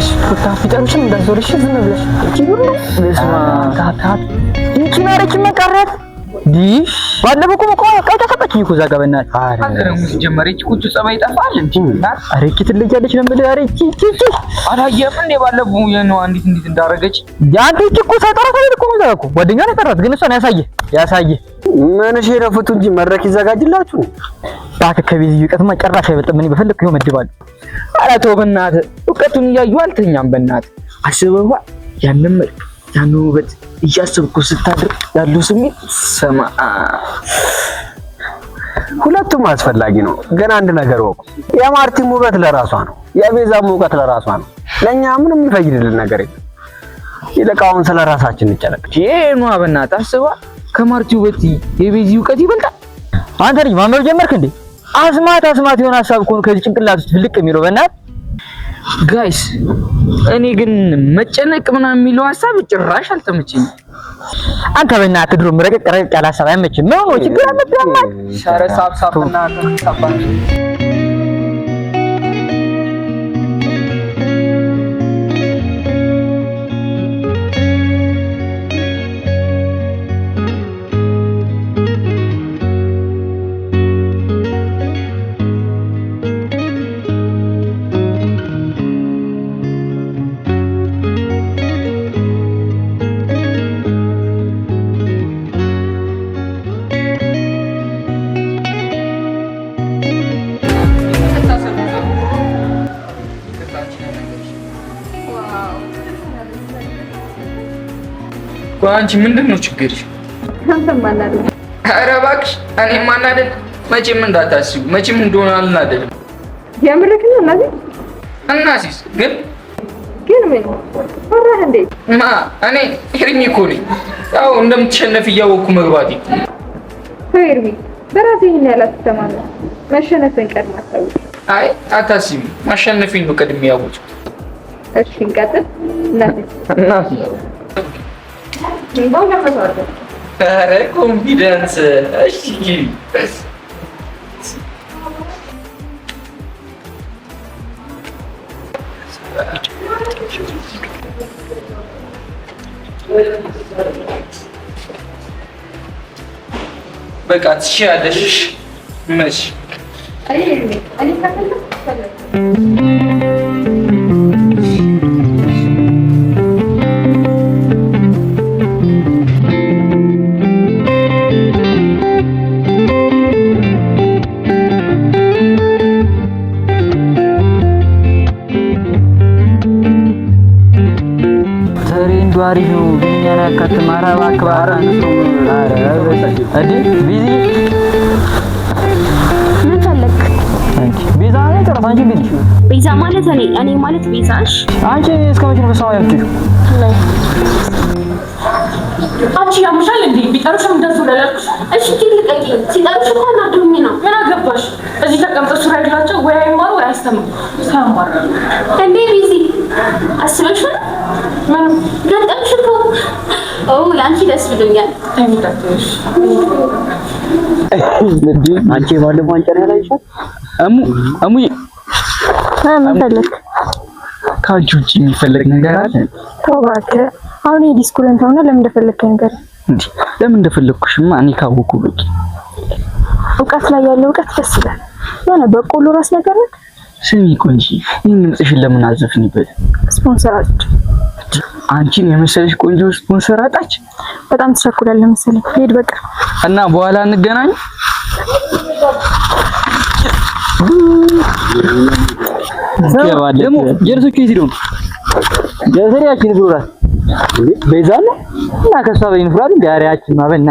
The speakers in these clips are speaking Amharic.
ብለሽ ቁጣ ፊጠምሽም በዙርሽ ዝም ብለሽ ባለፈው እኮ መቆም ቀይ ተሰበች እኮ እዛ ጋር በእናትህ። አረ ጀመረች ቁጭ ጸባይ ይጠፋል እንጂ ኧረ እቺ ትለያለች ነው የምልህ። ኧረ እቺ እቺ አላየህም እንዴ? ባለፈው እንዴት እንዴት እንዳደረገች ያንተ እቺ እኮ ሳይጠራት አይደል እኮ እዛ ነው የጠራት። ግን እሷን ያሳየ ያሳየ ምን እሺ እንጂ መድረክ ይዘጋጅላችሁ። እባክህ ከቤዝዩ ቀጥማ ጨራሽ አይበልጥም። እኔ በፈለኩ ይኸው መድባለሁ። ኧረ ተው በእናትህ ርቀቱን እያዩ አልተኛም። በእናት አስበዋ ያንን መልክ ያን ውበት እያሰብኩ ስታድር ያሉ ስሜት ሰማ። ሁለቱም አስፈላጊ ነው። ግን አንድ ነገር ወቁ፣ የማርቲም ውበት ለራሷ ነው፣ የቤዛም ውበት ለራሷ ነው። ለእኛ ምንም የሚፈይድልን ነገር የለም። ይልቅ አሁን ስለ ራሳችን እንጨነቅ። ይህኗ በእናትህ አስባ ከማርቲ ውበት የቤዚ እውቀት ይበልጣል። አንተ ልጅ ማመር ጀመርክ እንዴ? አስማት አስማት የሆነ ሀሳብ ከሆኑ ከዚህ ጭንቅላት ውስጥ ልቅ የሚለው በእናት ጋይስ እኔ ግን መጨነቅ ምናምን የሚለው ሀሳብ ጭራሽ አልተመቸኝም። አንተ በእናትህ ድሮ ረቀቅ ረቀቅ ያለ ሀሳብ አይመችም። ምን ሆኖ ችግር አለብህ? አንቺ ምንድን ነው ችግርሽ? አንተም ማናደድ። ኧረ እባክሽ እኔ ማናደድ መቼም እንዳታስቡ፣ መቼም እንደሆነ አልናደድም። የምርክን ነው እናቴ። እናሲስ ግን ግን ምን ወራ እንዴ? ማ እኔ ኤርሚ እኮ ነኝ። ያው እንደምትሸነፍ እያወቅኩ መግባቴ። ተው ኤርሚ፣ በራሴ ይሄን ያህል አትተማመን። መሸነፍን ቀድማ አታውቅ። አይ አታስቢ፣ ማሸነፌን ነው ቀድሜ ያወቅኩት። እሺ እንቀጥል እናቴ እናቴ Embora agora. Cara, confiança. Acho que. በቃ ትችያለሽ። መች አይ እንዴ ቤዛ ማለት እኔ እኔ ማለት ቤዛ አንቺ እስከ መቼ ነው ሰማያት ትዩ? አንቺ ያምሻል እንዴ? ቢጠሩሽም እንደዚሁ ለላልኩሽ እሺ ኪል ልቀቂ። ሲጠሩሽ እንኳን አድርሜ ነው። ምን አገባሽ? እዚህ ተቀምጠው ሱራ ይላቸው ወይ አይማሩ ወይ አያስተምሩ። ሳይማሩ እንዴ ቢዚ አስበሽ ምን ገጠምሽ እኮ ለአንቺ ደስ ብሎኛል። ከአንቺ ውጭ የሚፈለግ ነገር አለ? ተው እባክህ። አሁን የዲስኩረንት ሆነ ለምን እንደፈለግከ ነገር እንዴ? ለምን እንደፈለግኩሽማ እኔ ካወኩ በቂ። እውቀት ላይ ያለ እውቀት ደስ ይላል። የሆነ በቆሎ ራስ ነገር ነው። ስሚ ቆንጂ፣ ይህን ድምፅሽን ለምን አዘፍንበት? ስፖንሰር አድርግ አንቺን የመሰለሽ ቆንጆ ስትሆን መሰራጣች በጣም ትቸኩላለህ መሰለኝ። ሄድ በቃ እና በኋላ እንገናኝ። ጀርሶቹ የት ሄደው ነው? ቤዛ ነው እና ከሷ ዳሪያችን ማበና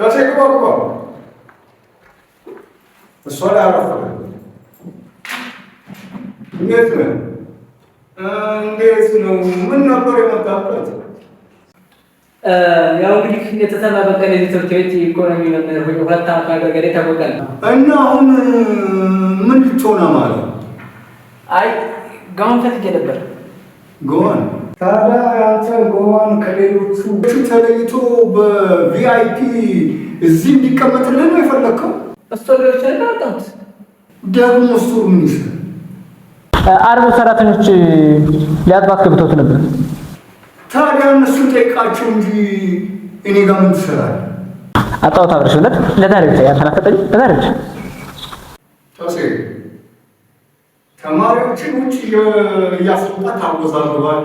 ተቸግሮ እኮ እሷ ላይ አረፈ። እንዴት ነው እንዴት ነው ምን ነበር የመጣበት? ያው እንግዲህ እንደተሰማ በቀለ ትምህርት ቤት ኢኮኖሚ መምህር ሆኜ ሁለት ዓመት ማገልገሌ ታወቃል። እና አሁን ምን ልትሆነ ማለት? አይ ጋውን ፈልጌ ነበር ጋውን ታዲያ ያንተ ጎን ከሌሎቹ ተለይቶ በቪአይፒ እዚህ እንዲቀመጥልን ነው የፈለግከው? ስቶሪዎች ያጣት ደግሞ ስቶር ምን ይችላል? አርብ ሰራተኞች ሊያጥባት ገብተውት ነበር። ታዲያ እነሱ ጠይቃቸው እንጂ እኔ ጋር ምን ትሰራለህ? አጣሁት አብረሽ ብለት ለዛሬ ብቻ ያልተናፈጠኝ ለዛሬ ብቻ ተማሪዎችን ውጭ እያስወጣ ታወዛግባለህ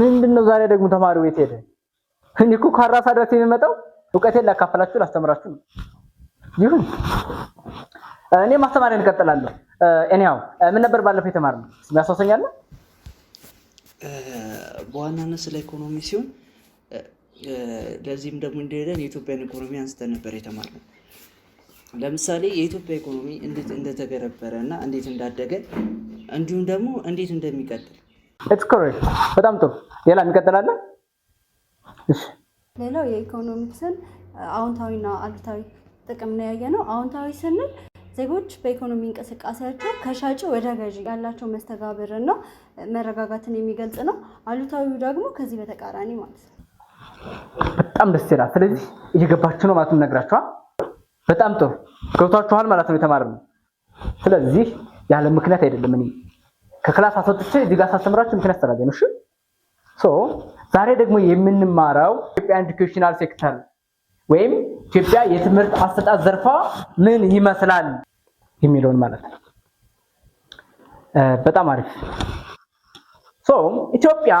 ምንድን ነው ዛሬ ደግሞ ተማሪው ቤት ሄደ? እኔ እኮ ድረስ የሚመጣው እውቀቴን ላካፈላችሁ ላስተምራችሁ ነው። ይሁን እኔ ማስተማሪያን እንቀጥላለሁ። እኔው ምን ነበር ባለፈው የተማርነው ያስታውሰኛል? በዋናነት ስለ ኢኮኖሚ ሲሆን ለዚህም ደግሞ እንደሄደን የኢትዮጵያን ኢኮኖሚ አንስተን ነበር የተማርነው። ለምሳሌ የኢትዮጵያ ኢኮኖሚ እንዴት እንደተገረበረ እና እንዴት እንዳደገ እንዲሁም ደግሞ እንዴት እንደሚቀጥል ኢትስ ኮሬክት። በጣም ጥሩ። ሌላ እንቀጥላለን። እሺ፣ ሌላው የኢኮኖሚክስን አዎንታዊና አሉታዊ ጥቅም ነው ያየ ነው። አዎንታዊ ስንል ዜጎች በኢኮኖሚ እንቅስቃሴያቸው ከሻጭ ወደ ገዢ ያላቸው መስተጋብርና መረጋጋትን የሚገልጽ ነው። አሉታዊው ደግሞ ከዚህ በተቃራኒ ማለት ነው። በጣም ደስ ይላል። ስለዚህ እየገባችሁ ነው ማለት ነግራችኋል። በጣም ጥሩ ገብቷችኋል ማለት ነው የተማርነው። ስለዚህ ያለ ምክንያት አይደለም እኔ ከክላስ አስወጥቼ እዚህ ጋር ሳስተምራችሁ እንትን ያስተላልፈኝ። እሺ ሶ ዛሬ ደግሞ የምንማረው ኢትዮጵያ ኤዱኬሽናል ሴክተር ወይም ኢትዮጵያ የትምህርት አሰጣጥ ዘርፋ ምን ይመስላል የሚለውን ማለት ነው። በጣም አሪፍ ሶ ኢትዮጵያ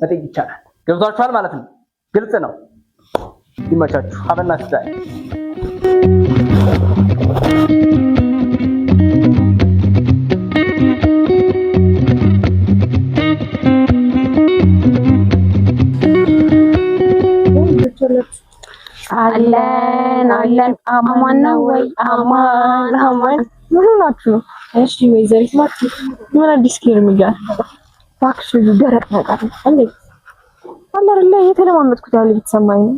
መጠየቅ ይቻላል። ገብቷችኋል ማለት ነው። ግልጽ ነው። ይመቻችሁ። ሀበና ስታይ አለን አለን። አማን ነው ወይ? አማን አማን። ምን ሆናችሁ ነው? እሺ ወይዘሪት ማርቲ ምን አዲስ ኬር የሚጋር እባክሽ ልጁ ደረቅ ነገር እንዴት አለ አይደለ የተለማመጥኩት ያለ ብትሰማኝ ነው።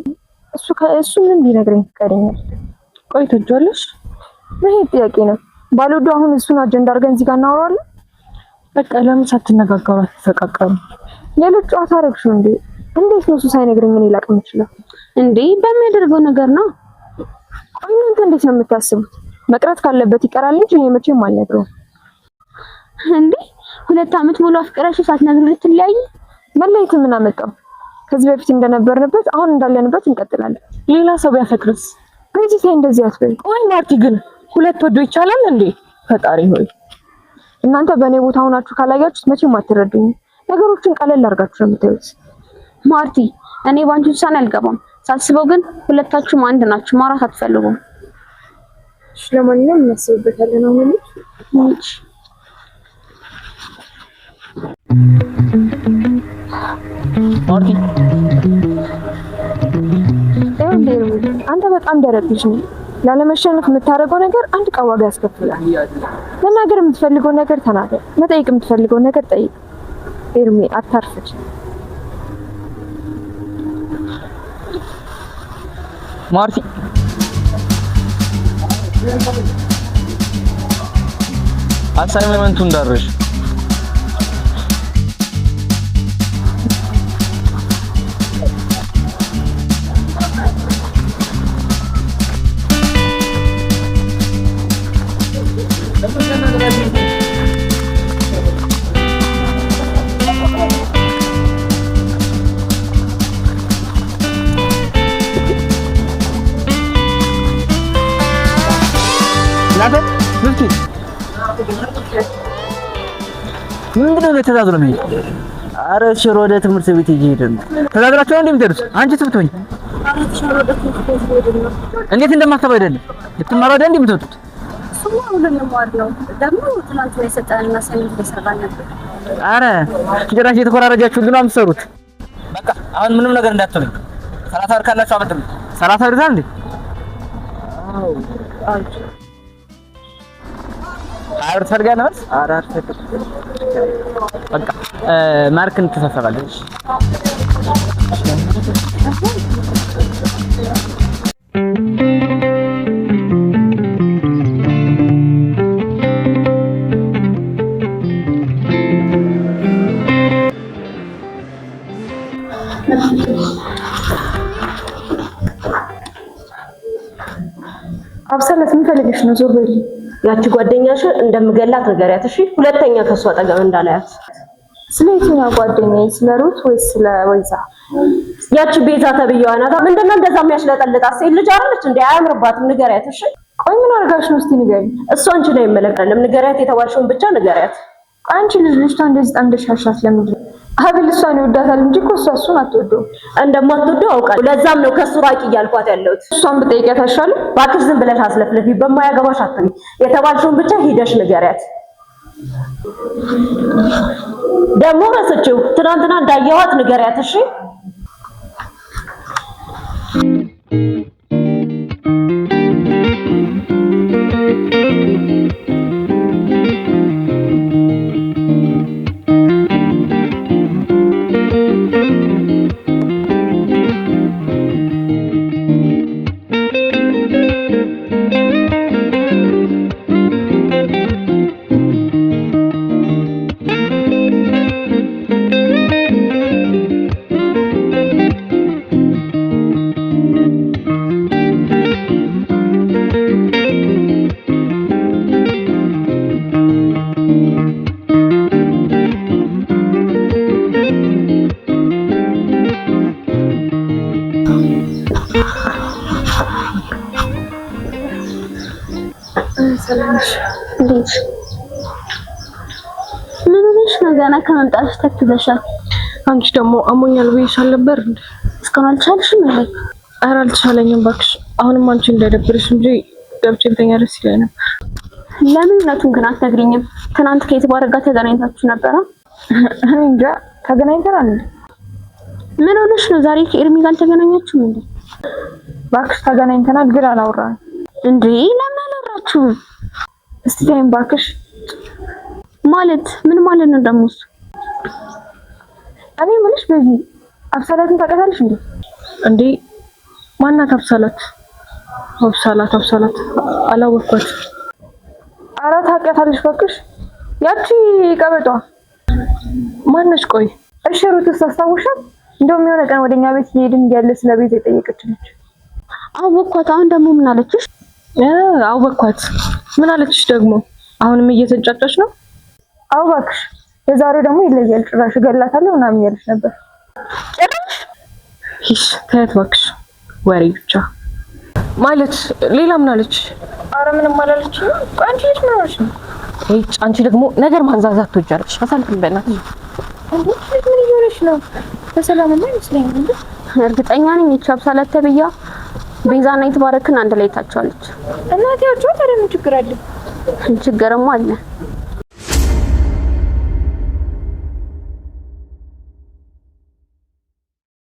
እሱ እሱ ምንም ቢነግረኝ ፈቃደኛል። ቆይ ይሄ ጥያቄ ነው። ባልወዱ አሁን እሱን አጀንዳ አድርገን እዚህ ጋር እናወራለን። በቃ ለምን ሳትነጋገሩ አትፈቃቀሩ? ሌሎች ጨዋታ አደረግሽው እንዴ? እንዴት ነው እሱ ሳይነግረኝ ምን ይላቅ ይችላል እንዴ? በሚያደርገው ነገር ነው። ቆይ እናንተ እንዴት ነው የምታስቡት? መቅረት ካለበት ይቀራል እንጂ ይሄ መቼም አልነግረውም እንዴ ሁለት ዓመት ሙሉ አፍቅረሽ ሳትነግሪ ልትለያይ መለየት ምን አመጣው? ከዚህ በፊት እንደነበርንበት አሁን እንዳለንበት እንቀጥላለን። ሌላ ሰው ቢያፈቅርስ? በዚህ እንደዚህ አትበይ። ቆይ ማርቲ፣ ግን ሁለት ወዶ ይቻላል እንዴ? ፈጣሪ ሆይ እናንተ በእኔ ቦታ ሆናችሁ ካላያችሁት መቼም አትረዱኝ። ነገሮችን ቀለል አድርጋችሁ ነው የምታዩት። ማርቲ፣ እኔ በአንቺ ውሳኔ አልገባም። ሳስበው ግን ሁለታችሁም አንድ ናችሁ፣ ማውራት አትፈልጉም። ስለማንኛውም እናስብበታለን ነው በጣም ደረብሽ ነው። ላለመሸነፍ የምታደርገው ነገር አንድ ቀን ዋጋ ያስከፍላል። መናገር የምትፈልገው ነገር ተናገር፣ መጠየቅ የምትፈልገው ነገር ጠይቅ። ኤርሚ አታርፍች። ማርቲ አሳይመንቱ እንዳረሽ እናንተ ምርቱ ምንድነው? ለተዛዝሎ ነው የሚሄድ። አረ ሽሮ ወደ ትምህርት ቤት እየሄደ ነው። ተዛዝላችሁ ነው እንደምትደርሱ አንቺ ትብትሆኝ እንዴት እንደማታውቀው አይደለም ልትማሩ አይደል እንደምትወጡት አረ ጭራሽ እየተኮራረጃችሁ ግን አምሰሩት። በቃ አሁን ምንም ነገር እንዳትሆኝ። ሰላሳ ብር ካላችሁ አበድሩኝ። ሰላሳ ብር ታንዴ አራት ፈልጋ ነው አራት ፈልጋ በቃ ማርክን ትሰፈራለች። አብሰለት ምን ፈልገሽ ነው? ዞር በይ ያቺ ጓደኛሽን እንደምገላት ንገሪያት እሺ። ሁለተኛ ከሷ አጠገብ እንዳላያት። ስለ የትኛው ጓደኛ? ስለ ሩት ወይስ ስለ ወይዛ? ያቺ ቤዛ ተብዬዋ ናታ። ምንድነው እንደዛ የሚያሽለጠልጣት ሴት ልጅ አለች እንዴ? አያምርባትም። ንገሪያት እሺ። ቆይ ምን አርጋሽ ነው እስቲ ንገሪ። እሷ አንቺ ላይ ይመለከታል። ንገሪያት፣ የተባልሽውን ብቻ ንገሪያት። አንቺ ልጅ ልጅቷ እንደዚህ ጣንደሻሻት ለምንድን ነው ሀብል እሷን ይወዳታል እንጂ እኮ እሷ እሱን አትወደውም። እንደማትወደው አውቃለሁ። ለዛም ነው ከሱ ራቂ እያልኳት ያለሁት። እሷን ብጠይቂያት አይሻልም? እባክሽ ዝም ብለሽ አስለፍለፊ፣ በማያገባሽ አትሚ። የተባልሽውን ብቻ ሂደሽ ንገሪያት። ደግሞ ረስችው ትናንትና እንዳየኋት ንገሪያት። እሺ Thank መጣሽ? ምን ሆነሽ ነው? ገና ከመምጣትሽ ተክዘሻል። አንቺ ደግሞ አሞኛል ብዬሽ አልነበር? እስካሁን አልቻልሽም እንዴ? ኧረ አልቻለኝም እባክሽ። አሁንም አንቺ እንዳይደብርሽ እንጂ ገብቼ ብተኛ ደስ ይለኝ ነው። ለምን እውነቱን ግን አትነግሪኝም? ትናንት ከየትባረ ጋር ተገናኝታችሁ ነበረ? እኔ እንጃ ተገናኝተናል። ምን ሆነሽ ነው? ዛሬ ከኤርሚ ጋር አልተገናኛችሁም እንዴ? እባክሽ ተገናኝተናል፣ ግን አላወራንም። እንዴ ለምን አላወራችሁም? እስቲ ታይም ባክሽ ማለት ምን ማለት ነው ደግሞ እሱ? እኔ የምልሽ በዚህ አብሳላትን ታውቃታለሽ እንዴ? እንዴ ማናት አብሳላት? አብሳላት አብሳላት አላወቅኳት። ኧረ ታውቂያታለሽ ባክሽ ያቺ ቀበጧ ማነች? ቆይ እሺ ሩትስ አስታውሻት? እንደውም የሆነ ቀን ወደኛ ቤት ሄድን እያለ ስለ ቤት የጠየቀች ነች። አወቅኳት። አሁን ደግሞ ምን አለችሽ? አውበኳት። ምን አለችሽ ደግሞ? አሁንም እየተንጫጫች ነው? አውበክሽ የዛሬው ደግሞ ይለያል። ጭራሽ እገላታለሁ ምናምን እያለች ነበር። ጭራሽ ሂሽ ተያት እባክሽ፣ ወሬ ብቻ ማለት። ሌላ ምን አለች? አረ ምንም አላለችም። ቆይ ልጅ ምን ሆነሽ ነው? አንቺ ደግሞ ነገር ማንዛዛት ትወጃለች። አሳልፍም በእናትሽ ምን እየሆነሽ ነው? በሰላም ነው ይመስለኛል። እርግጠኛ ነኝ ይቻብሳላት ተብያ ቤዛና የተባረክን አንድ ላይ ታቸዋለች። እናቴ ያውጫው ታዲያ ምን ችግር አለ? ችግርም አለ።